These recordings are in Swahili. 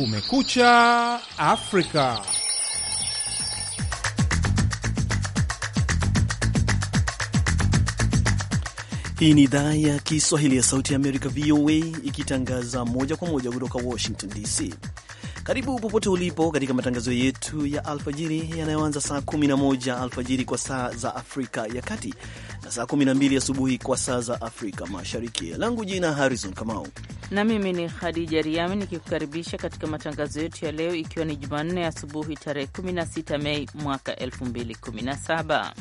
Kumekucha Afrika. Hii ni idhaa ya Kiswahili ya Sauti ya Amerika, VOA, ikitangaza moja kwa moja kutoka Washington DC. Karibu popote ulipo katika matangazo yetu ya alfajiri yanayoanza saa 11 alfajiri kwa saa za Afrika ya Kati saa 12 asubuhi kwa saa za Afrika Mashariki. Langu jina Harrison Kamau na mimi ni Khadija Riami nikikukaribisha katika matangazo yetu ya leo, ikiwa ni Jumanne asubuhi tarehe 16 Mei mwaka 2017.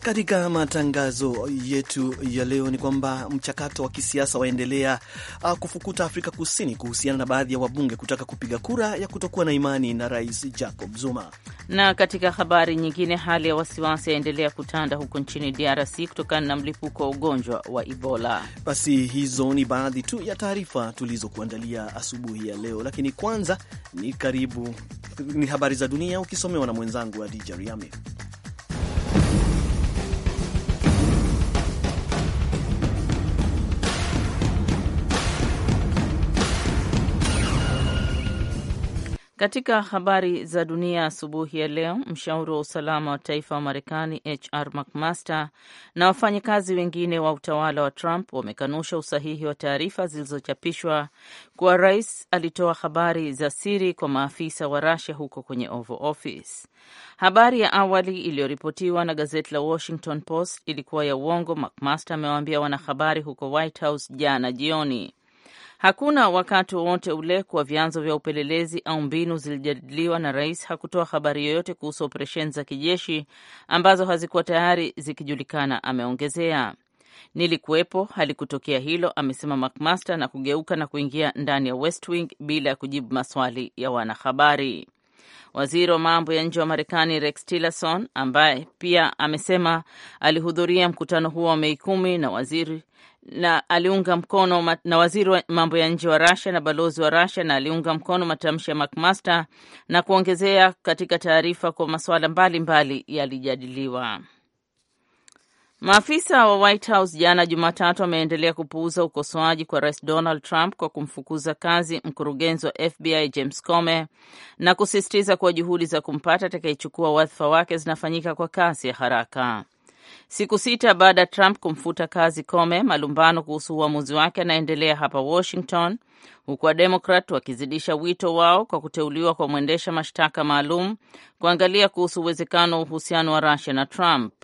Katika matangazo yetu ya leo ni kwamba mchakato wa kisiasa waendelea uh, kufukuta Afrika Kusini kuhusiana na baadhi ya wabunge kutaka kupiga kura ya kutokuwa na imani na Rais Jacob Zuma. Na katika habari nyingine, hali ya wasiwasi yaendelea kutanda huko nchini DRC kutokana na mlipuko wa ugonjwa wa Ebola. Basi hizo ni baadhi tu ya taarifa tulizokuandalia asubuhi ya leo, lakini kwanza ni karibu ni habari za dunia ukisomewa na mwenzangu Adija Riami. Katika habari za dunia asubuhi ya leo, mshauri wa usalama wa taifa wa Marekani HR McMaster na wafanyakazi wengine wa utawala wa Trump wamekanusha usahihi wa taarifa zilizochapishwa kuwa rais alitoa habari za siri kwa maafisa wa Russia huko kwenye Oval Office. Habari ya awali iliyoripotiwa na gazeti la Washington Post ilikuwa ya uongo, McMaster amewaambia wanahabari huko White House jana jioni. Hakuna wakati wowote ule kuwa vyanzo vya upelelezi au mbinu zilijadiliwa na rais hakutoa habari yoyote kuhusu operesheni za kijeshi ambazo hazikuwa tayari zikijulikana, ameongezea. Nilikuwepo, halikutokea hilo, amesema McMaster na kugeuka na kuingia ndani ya West Wing bila ya kujibu maswali ya wanahabari. Waziri wa mambo ya nje wa Marekani Rex Tillerson, ambaye pia amesema alihudhuria mkutano huo wa Mei kumi na waziri na aliunga mkono na waziri wa mambo ya nje wa Russia na balozi wa Russia, na aliunga mkono matamshi ya McMaster na kuongezea katika taarifa kwa masuala mbalimbali yalijadiliwa. Maafisa wa White House jana Jumatatu wameendelea kupuuza ukosoaji kwa Rais Donald Trump kwa kumfukuza kazi mkurugenzi wa FBI James Comey na kusisitiza kuwa juhudi za kumpata atakayechukua wadhifa wake zinafanyika kwa kasi ya haraka. Siku sita baada ya Trump kumfuta kazi Comey, malumbano kuhusu uamuzi wake anaendelea hapa Washington, huku Wademokrat wakizidisha wito wao kwa kuteuliwa kwa mwendesha mashtaka maalum kuangalia kuhusu uwezekano wa uhusiano wa Rusia na Trump.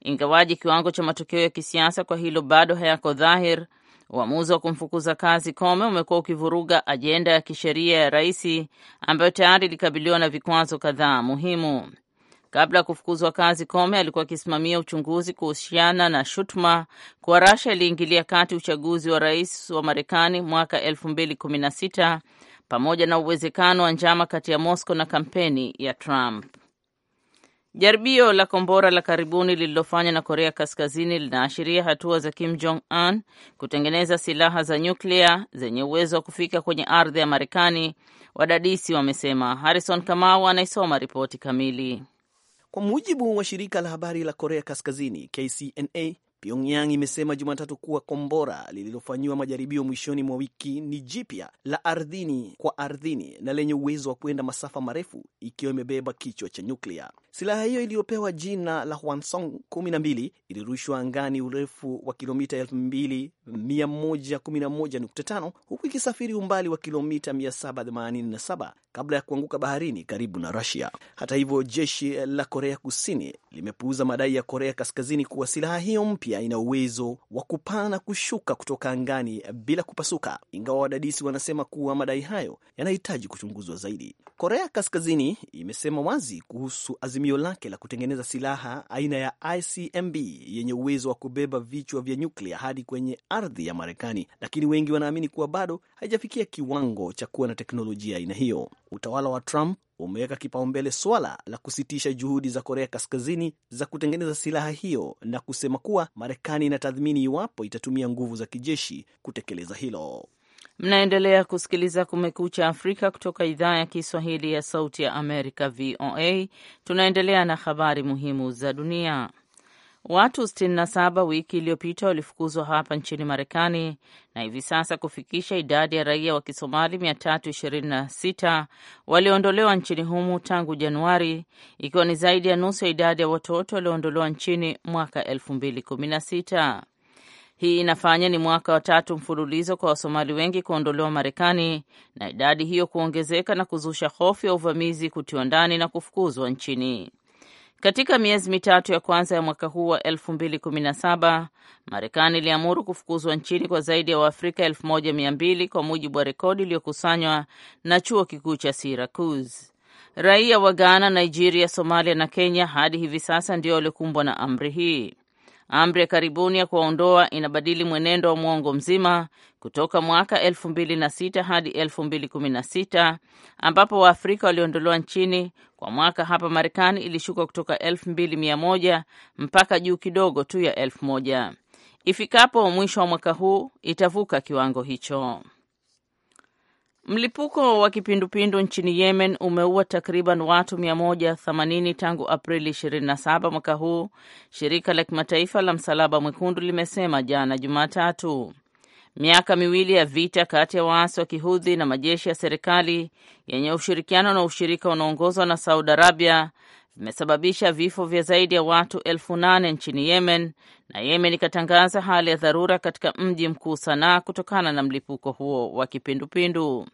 Ingawaji kiwango cha matokeo ya kisiasa kwa hilo bado hayako dhahir, uamuzi wa kumfukuza kazi kome umekuwa ukivuruga ajenda ya kisheria ya raisi ambayo tayari ilikabiliwa na vikwazo kadhaa muhimu. Kabla ya kufukuzwa kazi, kome alikuwa akisimamia uchunguzi kuhusiana na shutuma kuwa rasha iliingilia kati uchaguzi wa rais wa Marekani mwaka 2016 pamoja na uwezekano wa njama kati ya Moscow na kampeni ya Trump. Jaribio la kombora la karibuni lililofanywa na Korea Kaskazini linaashiria hatua za Kim Jong Un kutengeneza silaha za nyuklia zenye uwezo wa kufika kwenye ardhi ya Marekani, wadadisi wamesema. Harrison Kamau anaisoma ripoti kamili. Kwa mujibu wa shirika la habari la Korea Kaskazini KCNA, Pyongyang imesema Jumatatu kuwa kombora lililofanyiwa majaribio mwishoni mwa wiki ni jipya la ardhini kwa ardhini na lenye uwezo wa kuenda masafa marefu ikiwa imebeba kichwa cha nyuklia. Silaha hiyo iliyopewa jina la Hwansong 12 ilirushwa angani urefu wa kilomita 111.5 huku ikisafiri umbali wa kilomita 787 kabla ya kuanguka baharini karibu na Rusia. Hata hivyo, jeshi la Korea Kusini limepuuza madai ya Korea Kaskazini kuwa silaha hiyo mpya ina uwezo wa kupaa na kushuka kutoka angani bila kupasuka, ingawa wadadisi wanasema kuwa madai hayo yanahitaji kuchunguzwa zaidi. Korea Kaskazini imesema wazi kuhusu azimio lake la kutengeneza silaha aina ya icmb yenye uwezo wa kubeba vichwa vya nyuklia hadi kwenye ardhi ya Marekani, lakini wengi wanaamini kuwa bado haijafikia kiwango cha kuwa na teknolojia aina hiyo. Utawala wa Trump umeweka kipaumbele swala la kusitisha juhudi za Korea Kaskazini za kutengeneza silaha hiyo na kusema kuwa Marekani inatathmini iwapo itatumia nguvu za kijeshi kutekeleza hilo. Mnaendelea kusikiliza Kumekucha Afrika kutoka idhaa ya Kiswahili ya Sauti ya Amerika, VOA. Tunaendelea na habari muhimu za dunia. Watu 67 wiki iliyopita walifukuzwa hapa nchini Marekani na hivi sasa kufikisha idadi ya raia wa Kisomali 326 walioondolewa nchini humu tangu Januari, ikiwa ni zaidi ya nusu ya idadi ya watoto walioondolewa nchini mwaka 2016. Hii inafanya ni mwaka wa tatu mfululizo kwa Wasomali wengi kuondolewa Marekani na idadi hiyo kuongezeka na kuzusha hofu ya uvamizi, kutiwa ndani na kufukuzwa nchini. Katika miezi mitatu ya kwanza ya mwaka huu wa 2017 Marekani iliamuru kufukuzwa nchini kwa zaidi ya Waafrika 1200 kwa mujibu wa rekodi iliyokusanywa na chuo kikuu cha Syracuse. Raia wa Ghana, Nigeria, Somalia na Kenya hadi hivi sasa ndio waliokumbwa na amri hii. Amri ya karibuni ya kuwaondoa inabadili mwenendo wa mwongo mzima kutoka mwaka 2006 hadi 2016 ambapo Waafrika waliondolewa nchini kwa mwaka. Hapa Marekani ilishuka kutoka 2100 mpaka juu kidogo tu ya 1000. Ifikapo mwisho wa mwaka huu itavuka kiwango hicho. Mlipuko wa kipindupindu nchini Yemen umeua takriban watu 180 tangu Aprili 27 mwaka huu, shirika la kimataifa la Msalaba Mwekundu limesema jana Jumatatu. Miaka miwili ya vita kati ya waasi wa Kihudhi na majeshi ya serikali yenye ushirikiano na ushirika unaoongozwa na Saudi Arabia vimesababisha vifo vya zaidi ya watu elfu nane nchini Yemen, na Yemen ikatangaza hali ya dharura katika mji mkuu Sanaa kutokana na mlipuko huo wa kipindupindu.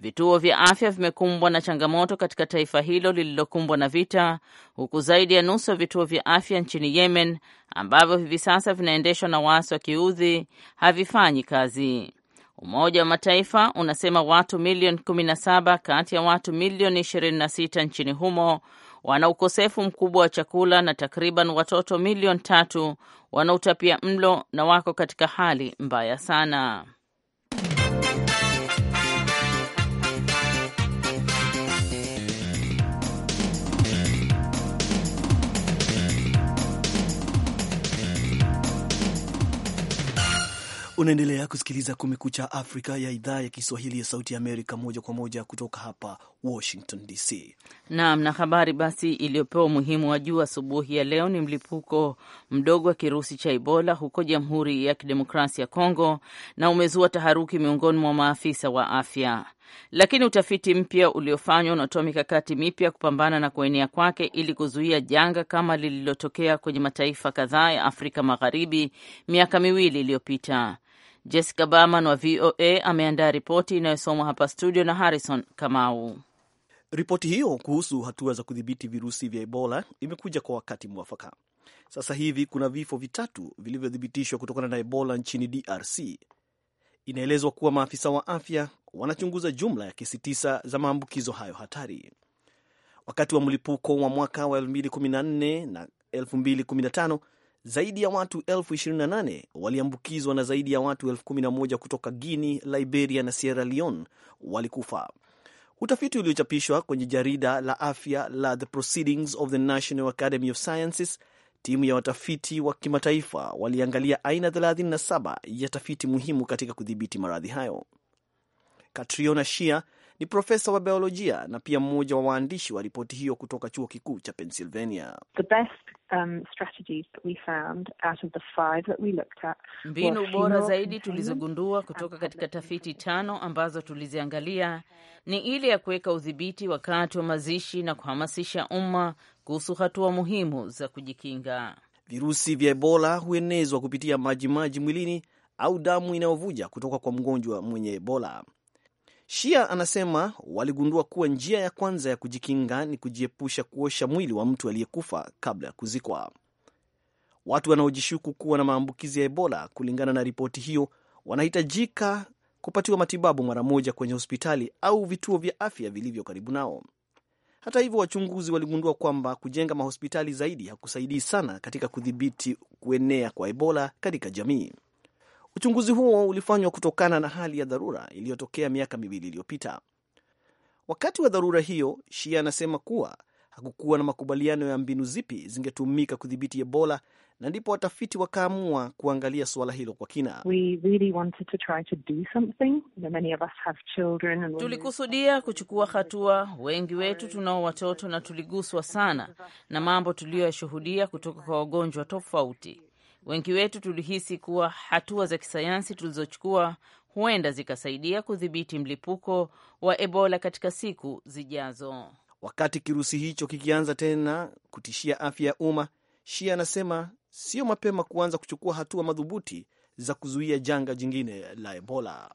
Vituo vya afya vimekumbwa na changamoto katika taifa hilo lililokumbwa na vita, huku zaidi ya nusu ya vituo vya afya nchini Yemen ambavyo hivi sasa vinaendeshwa na waasi wa kiudhi havifanyi kazi. Umoja wa Mataifa unasema watu milioni 17 kati ya watu milioni 26 nchini humo wana ukosefu mkubwa wa chakula na takriban watoto milioni tatu wana utapia mlo na wako katika hali mbaya sana. Unaendelea kusikiliza Kumekucha Afrika ya idhaa ya Kiswahili ya Sauti ya Amerika, moja kwa moja kutoka hapa Washington DC. Naam, na habari basi iliyopewa umuhimu wa juu asubuhi ya leo ni mlipuko mdogo wa kirusi cha Ebola huko Jamhuri ya Kidemokrasia ya Kongo, na umezua taharuki miongoni mwa maafisa wa afya lakini utafiti mpya uliofanywa unatoa mikakati mipya kupambana na kuenea kwake ili kuzuia janga kama lililotokea kwenye mataifa kadhaa ya Afrika Magharibi miaka miwili iliyopita. Jessica Berman wa VOA ameandaa ripoti inayosomwa hapa studio na Harrison Kamau. Ripoti hiyo kuhusu hatua za kudhibiti virusi vya Ebola imekuja kwa wakati mwafaka. Sasa hivi kuna vifo vitatu vilivyothibitishwa kutokana na Ebola nchini DRC. Inaelezwa kuwa maafisa wa afya wanachunguza jumla ya kesi tisa za maambukizo hayo hatari. Wakati wa mlipuko wa mwaka wa 2014 na 2015 zaidi ya watu 28 waliambukizwa na zaidi ya watu 11 kutoka Guinea, Liberia na Sierra Leone walikufa. Utafiti uliochapishwa kwenye jarida la afya la The Proceedings of the National Academy of Sciences, timu ya watafiti wa kimataifa waliangalia aina 37 ya tafiti muhimu katika kudhibiti maradhi hayo. Katriona Shia ni profesa wa biolojia na pia mmoja wa waandishi wa ripoti hiyo kutoka chuo kikuu cha Pennsylvania. The best Um, strategies that we found out of the five that we looked at. Mbinu bora zaidi tulizogundua kutoka katika tafiti tano ambazo tuliziangalia ni ile ya kuweka udhibiti wakati wa mazishi na kuhamasisha umma kuhusu hatua muhimu za kujikinga. Virusi vya Ebola huenezwa kupitia majimaji mwilini au damu inayovuja kutoka kwa mgonjwa mwenye Ebola. Shia anasema waligundua kuwa njia ya kwanza ya kujikinga ni kujiepusha kuosha mwili wa mtu aliyekufa kabla ya kuzikwa. Watu wanaojishuku kuwa na maambukizi ya Ebola, kulingana na ripoti hiyo, wanahitajika kupatiwa matibabu mara moja kwenye hospitali au vituo vya afya vilivyo karibu nao. Hata hivyo, wachunguzi waligundua kwamba kujenga mahospitali zaidi hakusaidii sana katika kudhibiti kuenea kwa Ebola katika jamii. Uchunguzi huo ulifanywa kutokana na hali ya dharura iliyotokea miaka miwili iliyopita. Wakati wa dharura hiyo, Shia anasema kuwa hakukuwa na makubaliano ya mbinu zipi zingetumika kudhibiti Ebola na ndipo watafiti wakaamua kuangalia suala hilo kwa kina. Really tulikusudia kuchukua hatua. Wengi wetu tunao watoto na tuliguswa sana na mambo tuliyoyashuhudia kutoka kwa wagonjwa tofauti. Wengi wetu tulihisi kuwa hatua za kisayansi tulizochukua huenda zikasaidia kudhibiti mlipuko wa Ebola katika siku zijazo. Wakati kirusi hicho kikianza tena kutishia afya ya umma, Shia anasema sio mapema kuanza kuchukua hatua madhubuti za kuzuia janga jingine la Ebola.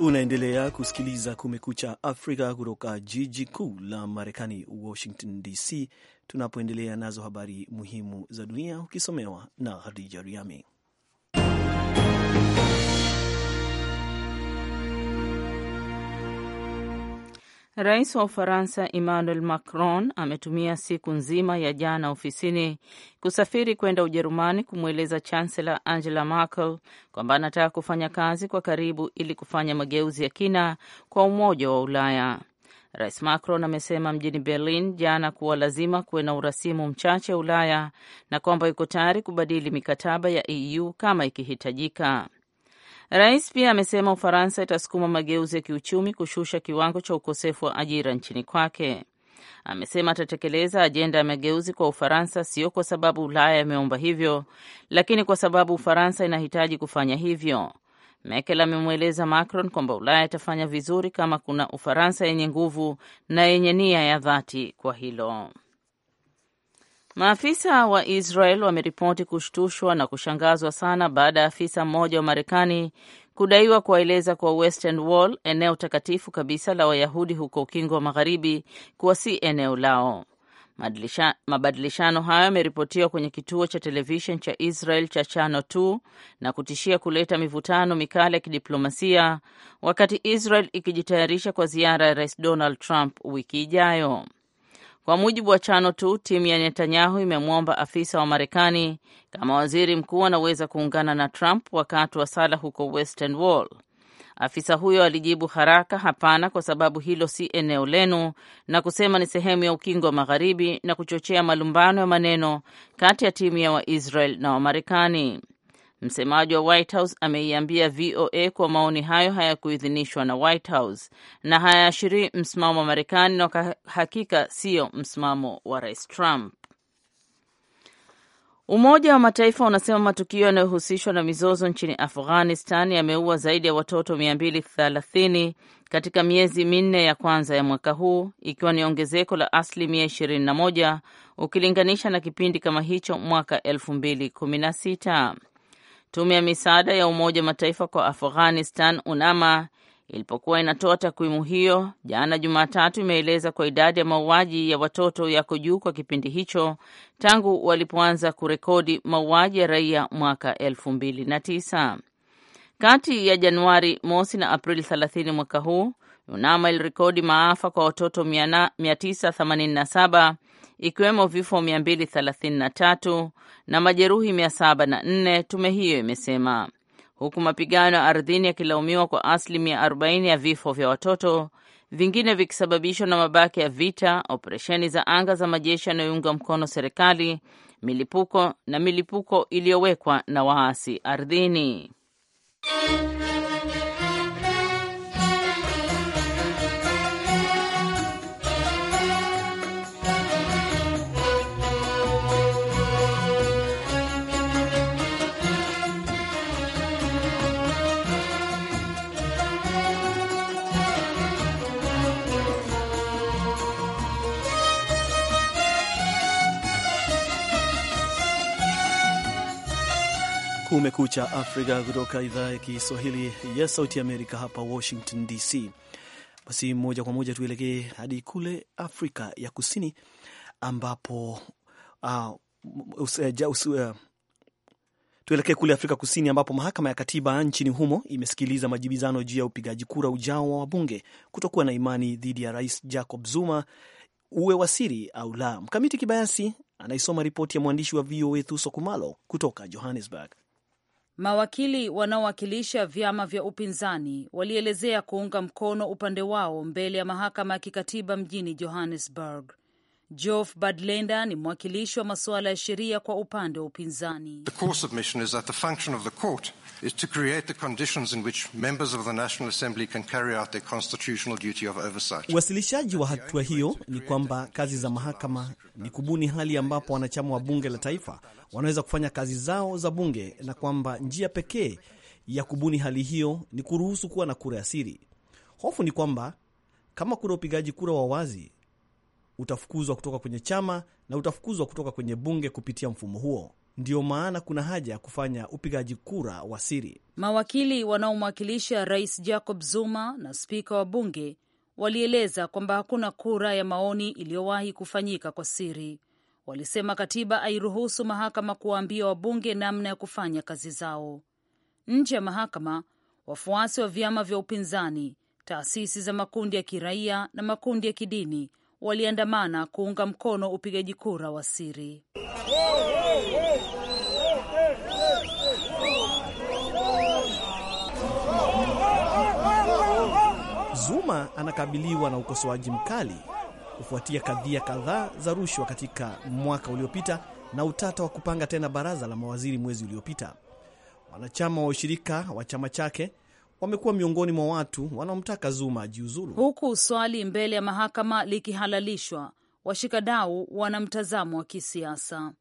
Unaendelea kusikiliza Kumekucha Afrika kutoka jiji kuu la Marekani, Washington DC, tunapoendelea nazo habari muhimu za dunia, ukisomewa na Hadija Riami. Rais wa Ufaransa Emmanuel Macron ametumia siku nzima ya jana ofisini kusafiri kwenda Ujerumani kumweleza Chancellor Angela Merkel kwamba anataka kufanya kazi kwa karibu ili kufanya mageuzi ya kina kwa Umoja wa Ulaya. Rais Macron amesema mjini Berlin jana kuwa lazima kuwe na urasimu mchache Ulaya na kwamba yuko tayari kubadili mikataba ya EU kama ikihitajika. Rais pia amesema Ufaransa itasukuma mageuzi ya kiuchumi kushusha kiwango cha ukosefu wa ajira nchini kwake. Amesema atatekeleza ajenda ya mageuzi kwa Ufaransa, sio kwa sababu Ulaya imeomba hivyo, lakini kwa sababu Ufaransa inahitaji kufanya hivyo. Merkel amemweleza Macron kwamba Ulaya itafanya vizuri kama kuna Ufaransa yenye nguvu na yenye nia ya dhati kwa hilo. Maafisa wa Israel wameripoti kushtushwa na kushangazwa sana baada ya afisa mmoja wa Marekani kudaiwa kuwaeleza kwa Western Wall, eneo takatifu kabisa la Wayahudi huko Ukingo wa Magharibi, kuwa si eneo lao. Madlisha, mabadilishano hayo yameripotiwa kwenye kituo cha televishen cha Israel cha chano 2 na kutishia kuleta mivutano mikali ya kidiplomasia wakati Israel ikijitayarisha kwa ziara ya Rais Donald Trump wiki ijayo. Kwa mujibu wa chano tu timu ya Netanyahu imemwomba afisa wa Marekani kama waziri mkuu anaweza kuungana na Trump wakati wa sala huko Western Wall. Afisa huyo alijibu haraka, hapana, kwa sababu hilo si eneo lenu, na kusema ni sehemu ya ukingo wa Magharibi, na kuchochea malumbano ya maneno kati ya timu ya Waisrael na Wamarekani. Msemaji wa White House ameiambia VOA kuwa maoni hayo hayakuidhinishwa na White House na hayaashirii msimamo wa Marekani na kwa hakika siyo msimamo wa Rais Trump. Umoja wa Mataifa unasema matukio yanayohusishwa na mizozo nchini Afghanistan yameua zaidi ya watoto 230 katika miezi minne ya kwanza ya mwaka huu, ikiwa ni ongezeko la asilimia 21 ukilinganisha na kipindi kama hicho mwaka 2016. Tume ya misaada ya Umoja Mataifa kwa Afghanistan, UNAMA, ilipokuwa inatoa takwimu hiyo jana Jumatatu, imeeleza kwa idadi ya mauaji ya watoto yako juu kwa kipindi hicho tangu walipoanza kurekodi mauaji ya raia mwaka 2009. Kati ya Januari mosi na Aprili 30 mwaka huu, UNAMA ilirekodi maafa kwa watoto 987 ikiwemo vifo 233 na majeruhi 704, tume hiyo imesema, huku mapigano ya ardhini yakilaumiwa kwa asilimia 40 ya vifo vya watoto, vingine vikisababishwa na mabaki ya vita, operesheni za anga za majeshi yanayounga mkono serikali, milipuko na milipuko iliyowekwa na waasi ardhini. Kumekucha Afrika kutoka idhaa ya Kiswahili ya Sauti Amerika hapa Washington DC. Basi moja kwa moja tuelekee hadi kule Afrika ya Kusini ambapo uh, ah, useja, eh, uh, eh, tuelekee kule Afrika Kusini ambapo mahakama ya katiba nchini humo imesikiliza majibizano juu ya upigaji kura ujao wa wabunge kutokuwa na imani dhidi ya Rais Jacob Zuma uwe wasiri au la. Mkamiti Kibayasi anaisoma ripoti ya mwandishi wa VOA Thuso Kumalo kutoka Johannesburg. Mawakili wanaowakilisha vyama vya upinzani walielezea kuunga mkono upande wao mbele ya mahakama ya kikatiba mjini Johannesburg. Geoff Badlenda ni mwakilishi wa masuala ya sheria kwa upande wa upinzani. Uwasilishaji wa hatua hiyo ni kwamba kazi za mahakama ni kubuni hali ambapo wanachama wa bunge la taifa wanaweza kufanya kazi zao za bunge na kwamba njia pekee ya kubuni hali hiyo ni kuruhusu kuwa na kura ya siri. Hofu ni kwamba kama kuna upigaji kura wa wazi utafukuzwa kutoka kwenye chama na utafukuzwa kutoka kwenye bunge kupitia mfumo huo. Ndiyo maana kuna haja ya kufanya upigaji kura wa siri. Mawakili wanaomwakilisha Rais Jacob Zuma na spika wa bunge walieleza kwamba hakuna kura ya maoni iliyowahi kufanyika kwa siri. Walisema katiba hairuhusu mahakama kuwaambia wabunge namna ya kufanya kazi zao. Nje ya mahakama, wafuasi wa vyama vya upinzani, taasisi za makundi ya kiraia na makundi ya kidini waliandamana kuunga mkono upigaji kura wa siri. Zuma anakabiliwa na ukosoaji mkali kufuatia kadhia kadhaa za rushwa katika mwaka uliopita na utata wa kupanga tena baraza la mawaziri mwezi uliopita. Wanachama wa ushirika wa chama chake wamekuwa miongoni mwa watu wanaomtaka Zuma ajiuzulu, huku swali mbele ya mahakama likihalalishwa. Washikadau wana mtazamo wa kisiasa.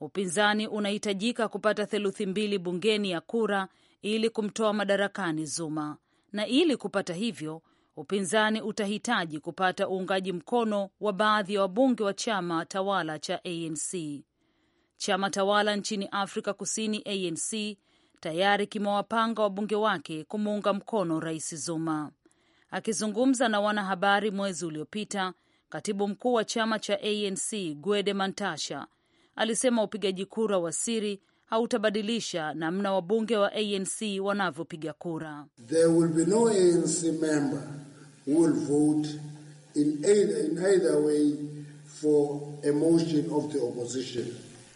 Upinzani unahitajika kupata theluthi mbili bungeni ya kura ili kumtoa madarakani Zuma, na ili kupata hivyo upinzani utahitaji kupata uungaji mkono wa baadhi ya wabunge wa chama tawala cha ANC. Chama tawala nchini Afrika Kusini, ANC, tayari kimewapanga wabunge wake kumuunga mkono Rais Zuma. Akizungumza na wanahabari mwezi uliopita, katibu mkuu wa chama cha ANC Gwede Mantasha alisema upigaji kura wa siri hautabadilisha namna wabunge wa ANC wanavyopiga kura. There will be no ANC member who will vote in either, in either way for a motion of the opposition.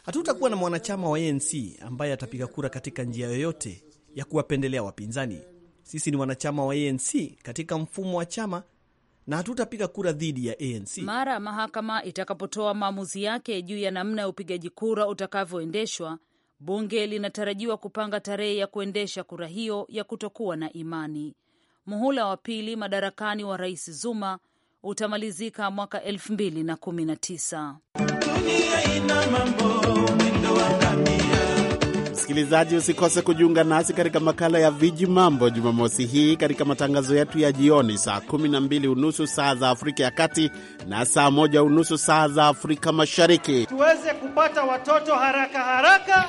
Hatutakuwa na mwanachama wa ANC ambaye atapiga kura katika njia yoyote ya kuwapendelea wapinzani. Sisi ni wanachama wa ANC katika mfumo wa chama na hatutapiga kura dhidi ya ANC. Mara mahakama itakapotoa maamuzi yake juu ya namna ya upigaji kura utakavyoendeshwa, bunge linatarajiwa kupanga tarehe ya kuendesha kura hiyo ya kutokuwa na imani. Muhula wa pili madarakani wa Rais Zuma utamalizika mwaka 2019. Msikilizaji, usikose kujiunga nasi katika makala ya Viji Mambo Jumamosi hii katika matangazo yetu ya jioni saa 12 unusu saa za Afrika ya Kati na saa moja unusu saa za Afrika Mashariki, tuweze kupata watoto haraka haraka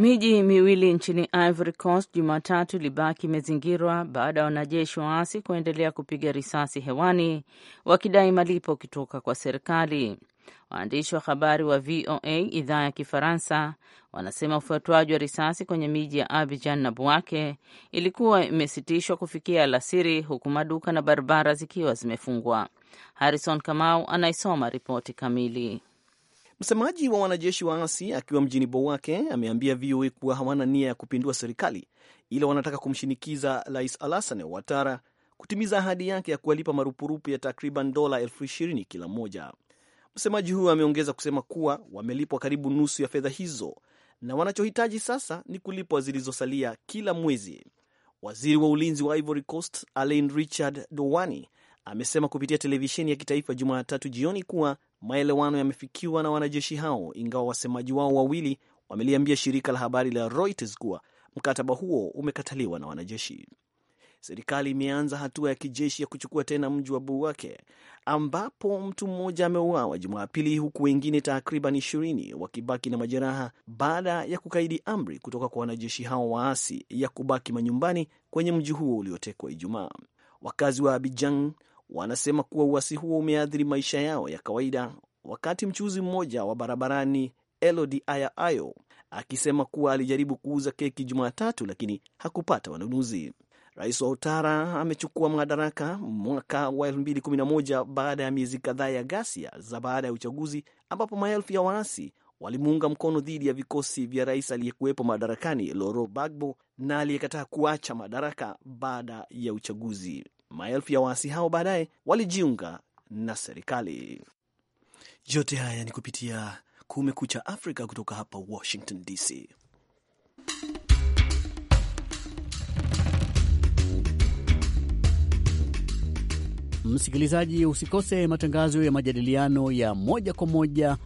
Miji miwili nchini Ivory Coast Jumatatu ilibaki imezingirwa baada ya wanajeshi waasi kuendelea kupiga risasi hewani wakidai malipo kutoka kwa serikali. Waandishi wa habari wa VOA idhaa ya Kifaransa wanasema ufuatuaji wa risasi kwenye miji ya Abidjan na Bouake ilikuwa imesitishwa kufikia alasiri, huku maduka na barabara zikiwa zimefungwa. Harrison Kamau anaisoma ripoti kamili. Msemaji wa wanajeshi waasi akiwa mjini Bouake ameambia VOA kuwa hawana nia ya kupindua serikali, ila wanataka kumshinikiza Rais Alassane Ouattara kutimiza ahadi yake ya kuwalipa marupurupu ya takriban dola elfu ishirini kila moja. Msemaji huyo ameongeza kusema kuwa wamelipwa karibu nusu ya fedha hizo na wanachohitaji sasa ni kulipwa zilizosalia kila mwezi. Waziri wa ulinzi wa Ivory Coast Alain Richard Dowani amesema kupitia televisheni ya kitaifa Jumatatu jioni kuwa maelewano yamefikiwa na wanajeshi hao, ingawa wasemaji wao wawili wameliambia shirika la habari la Reuters kuwa mkataba huo umekataliwa na wanajeshi. Serikali imeanza hatua ya kijeshi ya kuchukua tena mji wa Bouake ambapo mtu mmoja ameuawa Jumapili, huku wengine takriban ishirini wakibaki na majeraha baada ya kukaidi amri kutoka kwa wanajeshi hao waasi ya kubaki manyumbani kwenye mji huo uliotekwa Ijumaa. Wakazi wa abijan wanasema kuwa uasi huo umeathiri maisha yao ya kawaida, wakati mchuuzi mmoja wa barabarani Elodi Aya Ayo akisema kuwa alijaribu kuuza keki Jumatatu lakini hakupata wanunuzi. Rais wa Utara amechukua madaraka mwaka wa 2011 baada ya miezi kadhaa ya ghasia za baada ya uchaguzi ambapo maelfu ya waasi walimuunga mkono dhidi ya vikosi vya rais aliyekuwepo madarakani Loro Bagbo na aliyekataa kuacha madaraka baada ya uchaguzi. Maelfu ya waasi hao baadaye walijiunga na serikali. Yote haya ni kupitia Kumekucha Afrika kutoka hapa Washington DC. Msikilizaji, usikose matangazo ya majadiliano ya moja kwa moja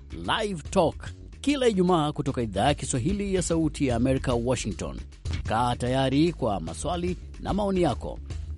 Live Talk kila Ijumaa kutoka idhaa ya Kiswahili ya Sauti ya Amerika, Washington. Kaa tayari kwa maswali na maoni yako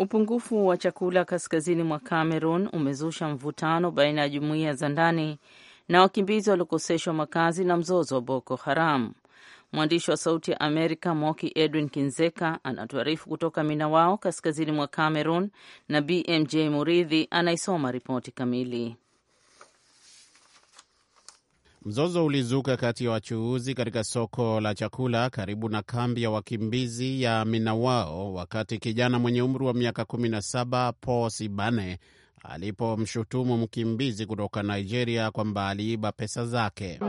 Upungufu wa chakula kaskazini mwa Cameroon umezusha mvutano baina ya jumuiya za ndani na wakimbizi waliokoseshwa makazi na mzozo wa Boko Haram. Mwandishi wa Sauti ya Amerika Moki Edwin Kinzeka anatuarifu kutoka mina wao kaskazini mwa Cameroon, na BMJ Muridhi anaisoma ripoti kamili. Mzozo ulizuka kati ya wachuuzi katika soko la chakula karibu na kambi ya wakimbizi ya Minawao wakati kijana mwenye umri wa miaka 17 Paul Sibane alipomshutumu mkimbizi kutoka Nigeria kwamba aliiba pesa zake.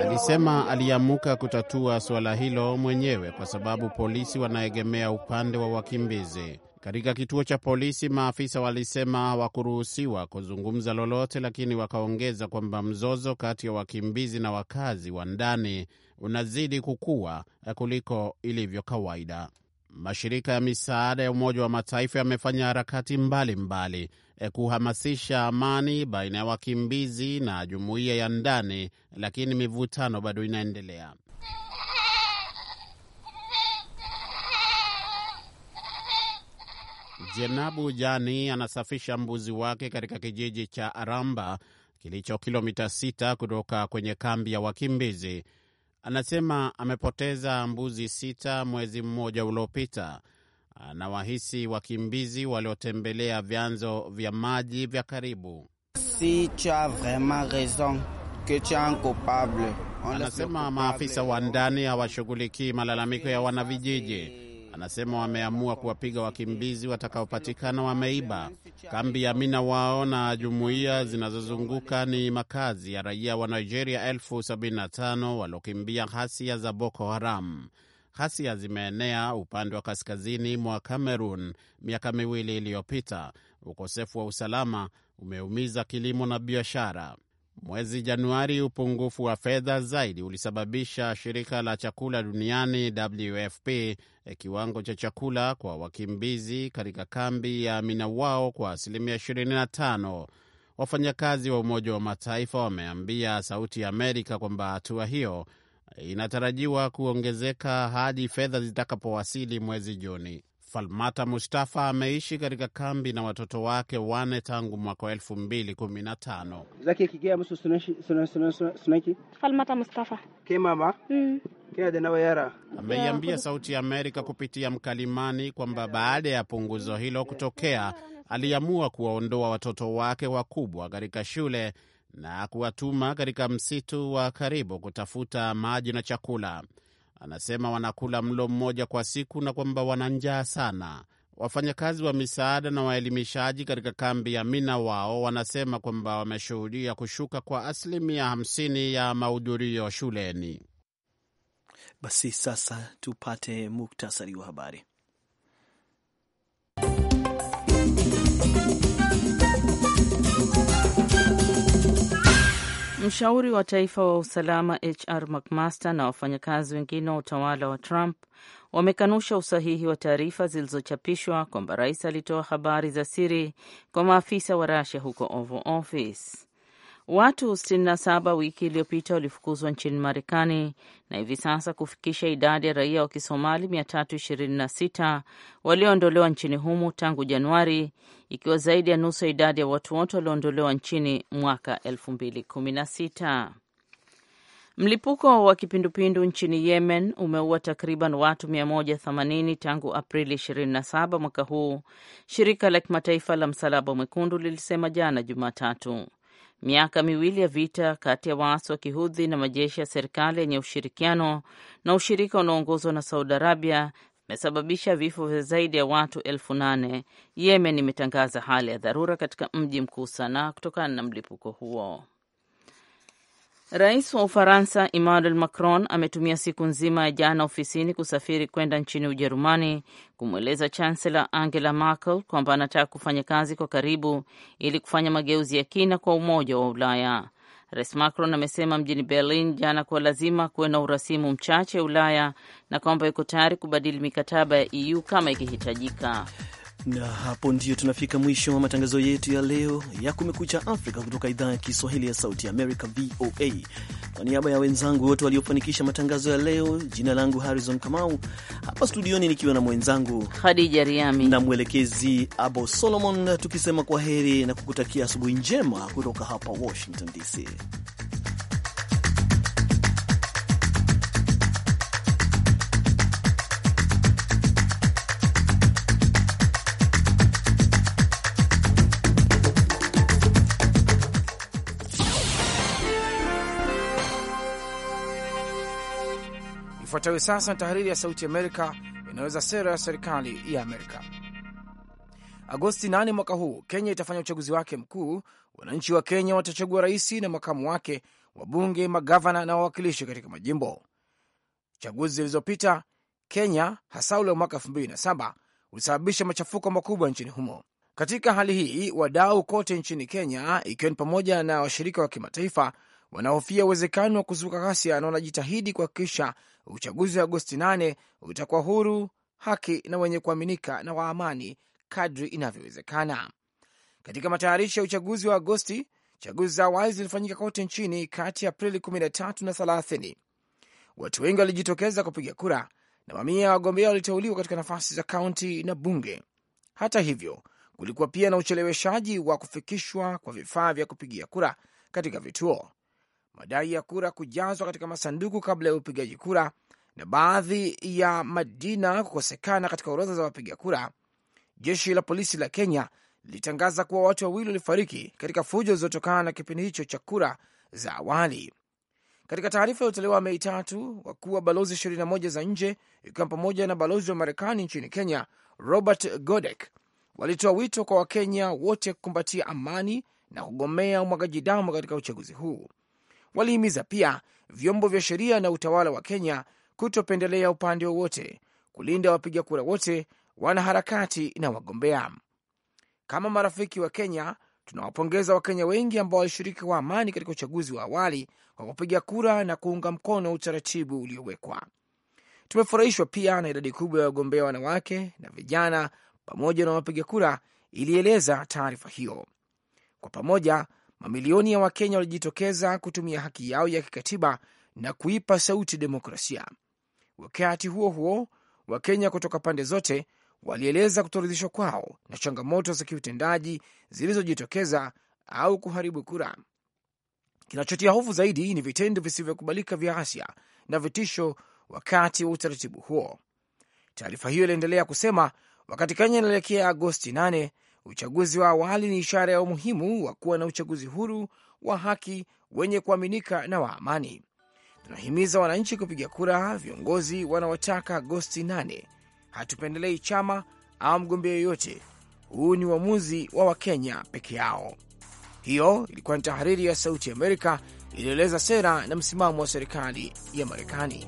Alisema aliamuka kutatua suala hilo mwenyewe kwa sababu polisi wanaegemea upande wa wakimbizi. Katika kituo cha polisi, maafisa walisema hawakuruhusiwa kuzungumza lolote, lakini wakaongeza kwamba mzozo kati ya wakimbizi na wakazi wa ndani unazidi kukua kuliko ilivyo kawaida. Mashirika ya misaada ya Umoja wa Mataifa yamefanya harakati mbalimbali eh, kuhamasisha amani baina ya wakimbizi na jumuiya ya ndani, lakini mivutano bado inaendelea. Jenabu Jani anasafisha mbuzi wake katika kijiji cha Aramba kilicho kilomita sita kutoka kwenye kambi ya wakimbizi. Anasema amepoteza mbuzi sita mwezi mmoja uliopita. Anawahisi wakimbizi waliotembelea vyanzo vya maji vya karibu. Si cha raison que coupable. Anasema maafisa wa ndani hawashughulikii malalamiko ya wanavijiji. Anasema wameamua kuwapiga wakimbizi watakaopatikana wameiba. Kambi ya Mina wao na jumuiya zinazozunguka ni makazi ya raia wa Nigeria elfu waliokimbia ghasia za Boko Haram. Ghasia zimeenea upande wa kaskazini mwa cameron miaka miwili iliyopita. Ukosefu wa usalama umeumiza kilimo na biashara. Mwezi Januari, upungufu wa fedha zaidi ulisababisha shirika la chakula duniani WFP eh, kiwango cha chakula kwa wakimbizi katika kambi ya Minawao kwa asilimia 25. Wafanyakazi wa Umoja wa Mataifa wameambia Sauti ya Amerika kwamba hatua hiyo eh, inatarajiwa kuongezeka hadi fedha zitakapowasili mwezi Juni. Falmata Mustafa ameishi katika kambi na watoto wake wane tangu mwaka wa elfu mbili kumi na tano. Falmata Mustafa ke mama mm. Ameiambia Sauti ya Amerika kupitia mkalimani kwamba baada ya punguzo hilo kutokea, aliamua kuwaondoa watoto wake wakubwa katika shule na kuwatuma katika msitu wa karibu kutafuta maji na chakula. Anasema wanakula mlo mmoja kwa siku na kwamba wana njaa sana. Wafanyakazi wa misaada na waelimishaji katika kambi ya Mina wao wanasema kwamba wameshuhudia kushuka kwa asilimia 50 ya mahudhurio shuleni. Basi sasa tupate muktasari wa habari. Mshauri wa taifa wa usalama HR McMaster na wafanyakazi wengine wa utawala wa Trump wamekanusha usahihi wa taarifa zilizochapishwa kwamba rais alitoa habari za siri kwa maafisa wa rasia huko Oval Office. Watu 67 wiki iliyopita walifukuzwa nchini Marekani na hivi sasa kufikisha idadi ya raia wa Kisomali 326 walioondolewa nchini humo tangu Januari, ikiwa zaidi ya nusu ya idadi ya watu wote walioondolewa nchini mwaka 2016. Mlipuko wa kipindupindu nchini Yemen umeua takriban watu 180 tangu Aprili 27 mwaka huu, shirika la kimataifa la Msalaba Mwekundu lilisema jana Jumatatu. Miaka miwili ya vita kati ya waasi wa kihudhi na majeshi ya serikali yenye ushirikiano na ushirika unaoongozwa na Saudi Arabia imesababisha vifo vya zaidi ya watu elfu nane. Yemen imetangaza hali ya dharura katika mji mkuu Sanaa kutokana na mlipuko huo. Rais wa Ufaransa Emmanuel Macron ametumia siku nzima ya jana ofisini kusafiri kwenda nchini Ujerumani kumweleza Chancellor Angela Merkel kwamba anataka kufanya kazi kwa karibu ili kufanya mageuzi ya kina kwa Umoja wa Ulaya. Rais Macron amesema mjini Berlin jana kuwa lazima kuwe na urasimu mchache Ulaya na kwamba yuko tayari kubadili mikataba ya EU kama ikihitajika. Na hapo ndio tunafika mwisho wa matangazo yetu ya leo ya Kumekucha Afrika kutoka idhaa ya Kiswahili ya Sauti Amerika, VOA. Kwa niaba ya wenzangu wote waliofanikisha matangazo ya leo, jina langu Harrison Kamau, hapa studioni nikiwa na mwenzangu Hadija Riami na mwelekezi Abo Solomon, tukisema kwa heri na kukutakia asubuhi njema kutoka hapa Washington DC. Ifuatayo sasa ni tahariri ya Sauti Amerika inaweza sera ya serikali ya Amerika. Agosti 8 mwaka huu Kenya itafanya uchaguzi wake mkuu. Wananchi wa Kenya watachagua rais na makamu wake, wabunge, magavana na wawakilishi katika majimbo. Chaguzi zilizopita Kenya, hasa ule wa mwaka 2007 ulisababisha machafuko makubwa nchini humo. Katika hali hii, wadau kote nchini Kenya, ikiwa ni pamoja na washirika wa kimataifa, wanahofia uwezekano wa kuzuka ghasia na wanajitahidi kuhakikisha uchaguzi wa Agosti 8 utakuwa huru, haki na wenye kuaminika na wa amani kadri inavyowezekana. Katika matayarisho ya uchaguzi wa Agosti, chaguzi za awali zilifanyika kote nchini kati ya Aprili 13 na 30. Watu wengi walijitokeza kupiga kura na mamia ya wagombea waliteuliwa katika nafasi za kaunti na bunge. Hata hivyo, kulikuwa pia na ucheleweshaji wa kufikishwa kwa vifaa vya kupigia kura katika vituo madai ya kura kujazwa katika masanduku kabla ya upigaji kura na baadhi ya majina kukosekana katika orodha za wapiga kura. Jeshi la polisi la Kenya lilitangaza kuwa watu wawili walifariki katika fujo zilizotokana na kipindi hicho cha kura za awali. Katika taarifa iliyotolewa Mei tatu, wakuu wa balozi 21 za nje ikiwa pamoja na balozi wa Marekani nchini Kenya Robert Godek walitoa wito kwa Wakenya wote kukumbatia amani na kugomea umwagaji damu katika uchaguzi huu. Walihimiza pia vyombo vya sheria na utawala wa Kenya kutopendelea upande wowote, kulinda wapiga kura wote, wanaharakati na wagombea. Kama marafiki wa Kenya, tunawapongeza Wakenya wengi ambao walishiriki kwa amani katika uchaguzi wa awali kwa kupiga kura na kuunga mkono utaratibu uliowekwa. Tumefurahishwa pia na idadi kubwa ya wagombea wanawake na vijana pamoja na wapiga kura, ilieleza taarifa hiyo. Kwa pamoja mamilioni ya Wakenya walijitokeza kutumia haki yao ya kikatiba na kuipa sauti demokrasia. Wakati huo huo, Wakenya kutoka pande zote walieleza kutoridhishwa kwao na changamoto za kiutendaji zilizojitokeza au kuharibu kura. Kinachotia hofu zaidi ni vitendo visivyokubalika vya ghasia na vitisho wakati wa utaratibu huo. Taarifa hiyo iliendelea kusema, wakati Kenya inaelekea Agosti Uchaguzi wa awali ni ishara ya umuhimu wa kuwa na uchaguzi huru wa haki, wenye kuaminika na wa amani. Tunahimiza wananchi kupiga kura viongozi wanaotaka Agosti 8. Hatupendelei chama au mgombea yoyote. Huu ni uamuzi wa Wakenya peke yao. Hiyo ilikuwa ni tahariri ya Sauti ya Amerika iliyoeleza sera na msimamo wa serikali ya Marekani.